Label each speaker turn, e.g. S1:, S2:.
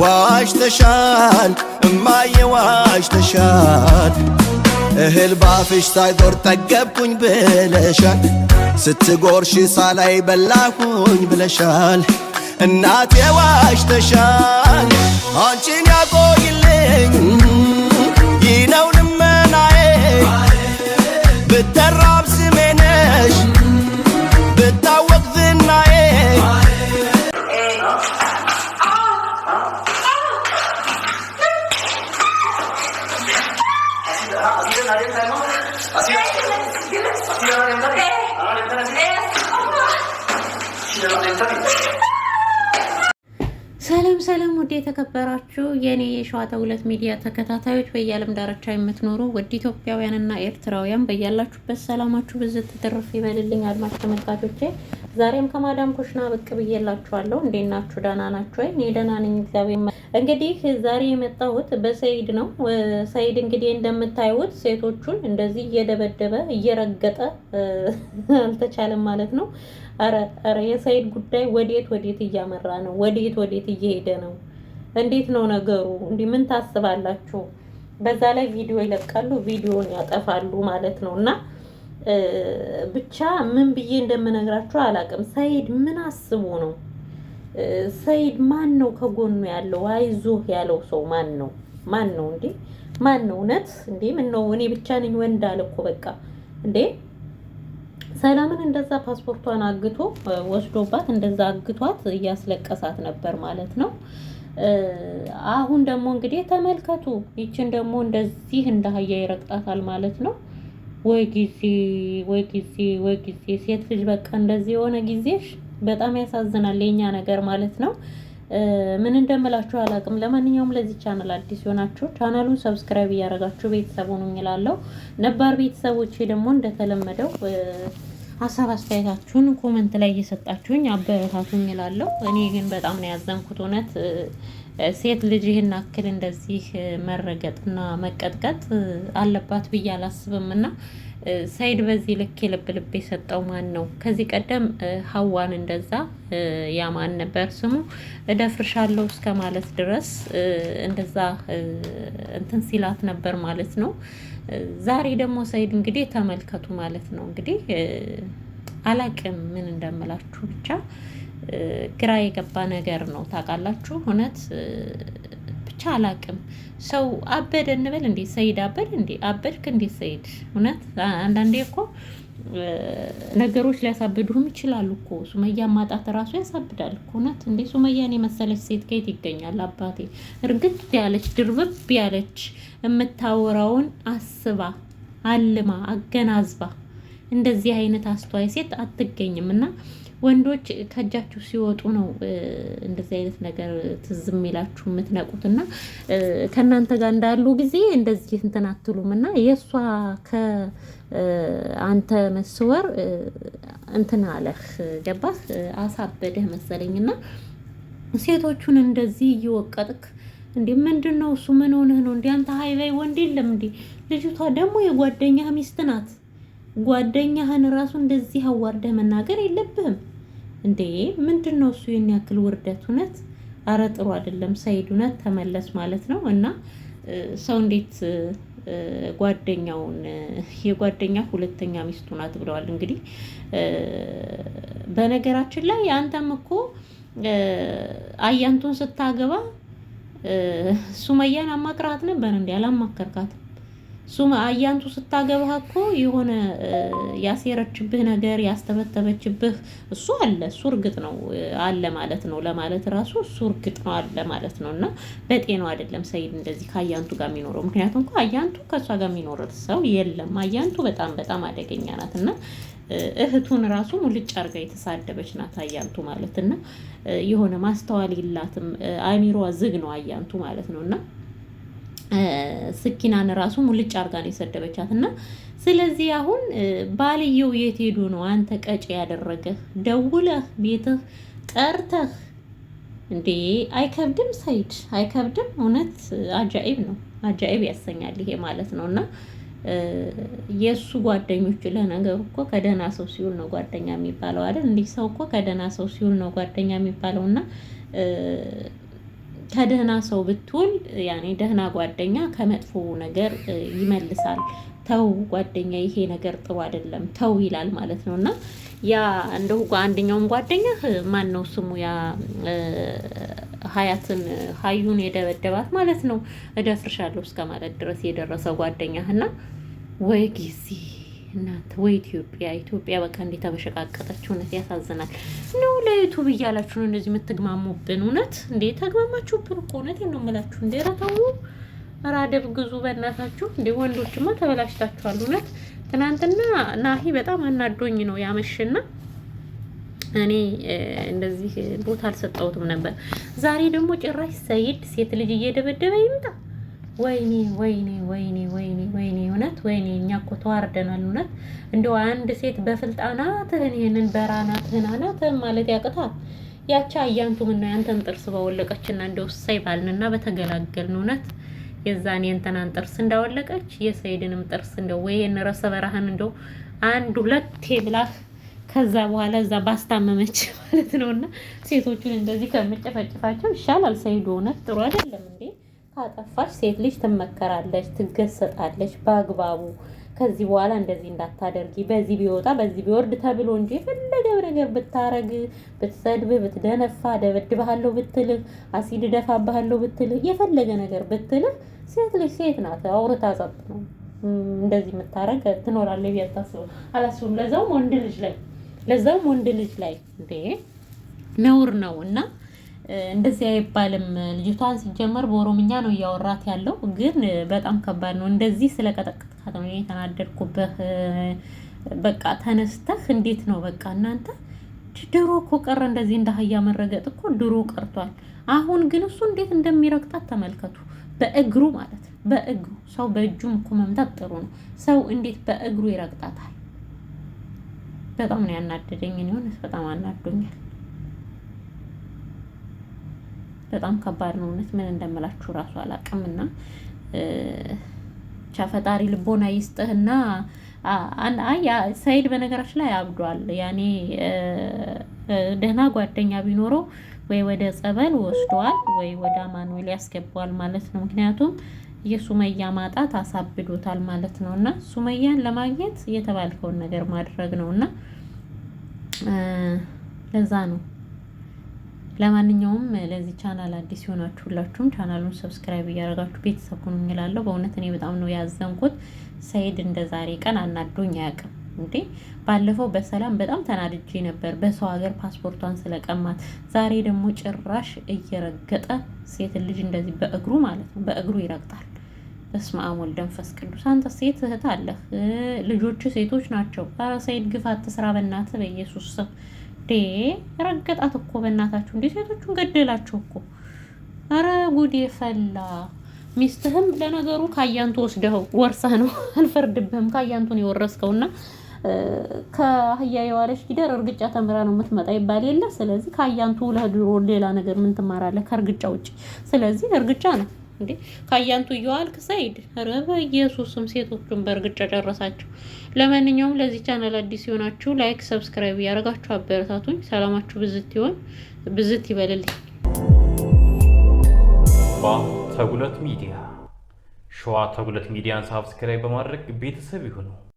S1: ዋሽተሻል እማዬ ዋሽተሻል እህል ባፍሽ ሳይዞር ጠገብኩኝ ብለሻል ስትጎርሽ ሳላይ በላኩኝ ብለሻል እናቴ ዋሽተሻል አንቺን ያቆይልኝ ይነው ልመናዬ ብተራብ
S2: የተከበራችሁ የኔ የሸዋ ተጉለት ሚዲያ ተከታታዮች በየዓለም ዳርቻ የምትኖሩ ውድ ኢትዮጵያውያንና ኤርትራውያን በያላችሁበት ሰላማችሁ ብዝት ትርፍ ይበልልኝ። አድማጭ ተመልካቾቼ ዛሬም ከማዳም ኩሽና ብቅ ብዬላችኋለሁ። እንዴት ናችሁ? ደህና ናችሁ ወይ? እኔ ደህና ነኝ እግዚአብሔር። እንግዲህ ዛሬ የመጣሁት በሰይድ ነው። ሰይድ እንግዲህ እንደምታዩት ሴቶቹን እንደዚህ እየደበደበ እየረገጠ አልተቻለም ማለት ነው። ኧረ የሰይድ ጉዳይ ወዴት ወዴት እያመራ ነው? ወዴት ወዴት እየሄደ ነው? እንዴት ነው ነገሩ? እንዲህ ምን ታስባላችሁ? በዛ ላይ ቪዲዮ ይለቃሉ፣ ቪዲዮን ያጠፋሉ ማለት ነው። እና ብቻ ምን ብዬ እንደምነግራችሁ አላውቅም። ሰይድ ምን አስቦ ነው? ሰይድ ማን ነው ከጎኑ ያለው? አይዞህ ያለው ሰው ማን ነው? ማን ነው እንዴ? ማን ነው እውነት እንዴ? ምን ነው እኔ ብቻ ነኝ ወንድ አለ እኮ በቃ እንዴ ሰላምን እንደዛ ፓስፖርቷን አግቶ ወስዶባት እንደዛ አግቷት እያስለቀሳት ነበር ማለት ነው። አሁን ደግሞ እንግዲህ ተመልከቱ ይችን ደግሞ እንደዚህ እንደ አህያ ይረግጣታል ማለት ነው። ወይ ጊዜ ወይ ጊዜ ወይ ጊዜ ሴት ልጅ በቃ እንደዚህ የሆነ ጊዜሽ በጣም ያሳዝናል። የኛ ነገር ማለት ነው። ምን እንደምላችሁ አላውቅም። ለማንኛውም ለዚህ ቻናል አዲስ ሆናችሁ ቻናሉን ሰብስክራይብ እያደረጋችሁ ቤተሰቡን እንላለው። ነባር ቤተሰቦቼ ደግሞ እንደተለመደው ሀሳብ አስተያየታችሁን ኮመንት ላይ እየሰጣችሁኝ አበረታቱኝ እላለሁ። እኔ ግን በጣም ነው ያዘንኩት እውነት ሴት ልጅ ይህን አክል እንደዚህ መረገጥና መቀጥቀጥ አለባት ብዬ አላስብም ሰይድ በዚህ ልክ የልብ ልብ የሰጠው ማን ነው? ከዚህ ቀደም ሀዋን እንደዛ ያማን ነበር ስሙ እደፍርሻለሁ እስከ ማለት ድረስ እንደዛ እንትን ሲላት ነበር ማለት ነው። ዛሬ ደግሞ ሰይድ እንግዲህ ተመልከቱ ማለት ነው። እንግዲህ አላቅም ምን እንደምላችሁ ብቻ ግራ የገባ ነገር ነው። ታውቃላችሁ እውነት ብቻ አላቅም። ሰው አበደ እንበል እንዴ? ሰይድ አበድ እንዴ? አበድክ እንዴ ሰይድ? እውነት አንዳንዴ እኮ ነገሮች ሊያሳብዱህም ይችላሉ እኮ ሱመያ ማጣት እራሱ ያሳብዳል እኮ እውነት። እንዴ ሱመያን የመሰለች ሴት ከየት ይገኛል አባቴ? እርግጥ ያለች ድርብብ ያለች የምታወራውን አስባ አልማ አገናዝባ እንደዚህ አይነት አስተዋይ ሴት አትገኝም እና ወንዶች ከእጃችሁ ሲወጡ ነው እንደዚህ አይነት ነገር ትዝ የሚላችሁ የምትነቁት እና ከእናንተ ጋር እንዳሉ ጊዜ እንደዚህ እንትን አትሉም እና የእሷ ከአንተ መስወር እንትን አለህ ገባህ አሳበደህ መሰለኝ እና ሴቶቹን እንደዚህ እየወቀጥክ እንዴ ምንድን ነው እሱ ምን ሆነህ ነው እንዲ አንተ ሀይባይ ወንድ የለም እንዲ ልጅቷ ደግሞ የጓደኛ ሚስት ናት ጓደኛህን ራሱ እንደዚህ አዋርደህ መናገር የለብህም እንዴ! ምንድን ነው እሱ ይህን ያክል ውርደት? እውነት አረ ጥሩ አይደለም ሰኢድ፣ እውነት ተመለስ ማለት ነው። እና ሰው እንዴት ጓደኛውን የጓደኛ ሁለተኛ ሚስቱ ናት ብለዋል። እንግዲህ በነገራችን ላይ አንተም እኮ አያንቱን ስታገባ ሱመያን አማክራት ነበር እንዲ አላማከርካትም። ሱማ አያንቱ ስታገባህ እኮ የሆነ ያሴረችብህ ነገር ያስተበተበችብህ እሱ አለ። እሱ እርግጥ ነው አለ ማለት ነው ለማለት ራሱ እሱ እርግጥ ነው አለ ማለት ነው። እና በጤናው አይደለም ሰይድ እንደዚህ ከአያንቱ ጋር የሚኖረው። ምክንያቱም እኮ አያንቱ ከእሷ ጋር የሚኖር ሰው የለም። አያንቱ በጣም በጣም አደገኛ ናት እና እህቱን ራሱ ሙልጭ አርጋ የተሳደበች ናት አያንቱ ማለት እና የሆነ ማስተዋል የላትም። አሚሮ ዝግ ነው አያንቱ ማለት ነው እና ስኪናን ራሱ ሙልጭ አርጋ ነው የሰደበቻት እና ስለዚህ አሁን ባልየው የት ሄዶ ነው አንተ ቀጭ ያደረገህ? ደውለህ ቤትህ ጠርተህ እንዴ! አይከብድም ሰይድ፣ አይከብድም። እውነት አጃኢብ ነው፣ አጃኢብ ያሰኛል ይሄ ማለት ነው። እና የእሱ ጓደኞች ለነገሩ እኮ ከደህና ሰው ሲውል ነው ጓደኛ የሚባለው አይደል? እንዲህ ሰው እኮ ከደህና ሰው ሲውል ነው ጓደኛ የሚባለው እና ከደህና ሰው ብትውል ያኔ ደህና ጓደኛ ከመጥፎ ነገር ይመልሳል። ተው ጓደኛ፣ ይሄ ነገር ጥሩ አይደለም ተው ይላል ማለት ነው። እና ያ እንደው አንደኛውም ጓደኛ ማን ነው ስሙ ያ ሀያትን ሀዩን የደበደባት ማለት ነው። እደፍርሻለሁ እስከ ማለት ድረስ የደረሰ ጓደኛህ እና ወይ ጊዜ እናንተ ወይ ኢትዮጵያ ኢትዮጵያ በቃ እንዴት ተበሸቃቀጠች! እውነት ያሳዝናል። ነው ለዩቱብ እያላችሁ ነው እንደዚህ የምትግማሙብን? እውነት እንዴ ተግማማችሁብን እኮ እውነት ነው የምላችሁ። እንዴ ረተው ራደብ ግዙ በእናታችሁ። እንዴ ወንዶችማ ተበላሽታችኋል። እውነት ትናንትና ናሂ በጣም አናዶኝ ነው ያመሽና እኔ እንደዚህ ቦታ አልሰጠሁትም ነበር። ዛሬ ደግሞ ጭራሽ ሰይድ ሴት ልጅ እየደበደበ ይምጣ ወይኔ ወይኔ ወይኔ ወይኔ ወይኔ እውነት ወይኔ እኛ እኮ ተዋርደናል። እውነት እንደው አንድ ሴት በፍልጣናትህን ይህንን በራናትህን አናትህን ማለት ያቅታል። ያቻ አያንቱ ምና ያንተን ጥርስ ባወለቀችና እንደው እሰይ ባልንና በተገላገልን እውነት የዛን የእንትናን ጥርስ እንዳወለቀች የሰይድንም ጥርስ እንደው ወይ ረሰ በራህን እንደው አንድ ሁለት ብላህ ከዛ በኋላ እዛ ባስታመመች ማለት ነው። እና ሴቶቹን እንደዚህ ከምጨፈጭፋቸው ይሻላል። ሰይዱ እውነት ጥሩ አይደለም እንዴ? ካጠፋች ሴት ልጅ ትመከራለች፣ ትገሰጣለች በአግባቡ ከዚህ በኋላ እንደዚህ እንዳታደርጊ፣ በዚህ ቢወጣ በዚህ ቢወርድ ተብሎ እንጂ የፈለገው ነገር ብታረግ፣ ብትሰድብህ፣ ብትደነፋ፣ ደበድብሃለሁ ብትልህ፣ አሲድ ደፋብሃለሁ ብትልህ፣ የፈለገ ነገር ብትልህ፣ ሴት ልጅ ሴት ናት። አውርታ ጸጥ ነው እንደዚህ የምታረግ ትኖራለህ ብዬ አታስብም፣ አላስብም። ለዛውም ወንድ ልጅ ላይ ለዛውም ወንድ ልጅ ላይ እንዴ ነውር ነው እና እንደዚህ አይባልም። ልጅቷን ሲጀመር በኦሮምኛ ነው እያወራት ያለው፣ ግን በጣም ከባድ ነው። እንደዚህ ስለቀጠቀጥካት ነው የተናደድኩበት። በቃ ተነስተህ እንዴት ነው በቃ እናንተ ድሮ እኮ ቀረ እንደዚህ እንደ አህያ መረገጥ እኮ ድሮ ቀርቷል። አሁን ግን እሱ እንዴት እንደሚረግጣት ተመልከቱ። በእግሩ ማለት በእግሩ ሰው በእጁም እኮ መምታት ጥሩ ነው። ሰው እንዴት በእግሩ ይረግጣታል? በጣም ነው ያናደደኝ። የሆነ በጣም አናዶኛል። በጣም ከባድ ነው። እውነት ምን እንደምላችሁ ራሱ አላቅም እና ብቻ ፈጣሪ ልቦና ይስጥህና ሰይድ በነገራችን ላይ አብዷል። ያኔ ደህና ጓደኛ ቢኖረው ወይ ወደ ጸበል ወስዷል ወይ ወደ አማኑኤል ያስገባዋል ማለት ነው። ምክንያቱም የሱመያ ማጣት አሳብዶታል ማለት ነው እና ሱመያን ለማግኘት የተባልከውን ነገር ማድረግ ነው እና ለዛ ነው ለማንኛውም ለዚህ ቻናል አዲስ የሆናችሁ ሁላችሁም ቻናሉን ሰብስክራይብ እያደረጋችሁ ቤተሰብ ሁኑ እላለሁ። በእውነት እኔ በጣም ነው ያዘንኩት። ሰይድ እንደ ዛሬ ቀን አናዶኝ አያውቅም። እንዴ ባለፈው በሰላም በጣም ተናድጄ ነበር በሰው ሀገር ፓስፖርቷን ስለቀማት። ዛሬ ደግሞ ጭራሽ እየረገጠ ሴት ልጅ እንደዚህ በእግሩ ማለት ነው በእግሩ ይረግጣል። በስመ አብ ወልድ ቅዱስ። አንተ ሴት እህት አለህ፣ ልጆች ሴቶች ናቸው። ሰኢድ ግፋት ስራ በእናትህ በኢየሱስ ስም። ዴ ረገጣት እኮ በእናታችሁ እንዴ! ሴቶቹን ገደላቸው እኮ። ኧረ ጉዴ ፈላ። ሚስትህም ለነገሩ ከአያንቱ ወስደኸው ወርሰህ ነው፣ አልፈርድብህም። ከአያንቱን እና ከአህያ የዋለች ጊደር እርግጫ ተምራ ነው የምትመጣ ይባል የለ። ስለዚህ ከአያንቱ ለድሮ ሌላ ነገር ምን ትማራለህ ከእርግጫ ውጭ? ስለዚህ እርግጫ ነው። እንዴ ካያንቱ እየዋልክ ሰይድ ረበ ኢየሱስም ሴቶቹን በእርግጫ ጨረሳቸው። ለማንኛውም ለዚህ ቻናል አዲስ የሆናችሁ ላይክ፣ ሰብስክራይብ እያደረጋችሁ አበረታቱኝ። ሰላማችሁ ብዝት ይሆን ብዝት ይበልልኝ። ተጉለት ሚዲያ ሸዋ ተጉለት ሚዲያን ሳብስክራይብ በማድረግ ቤተሰብ ይሁኑ።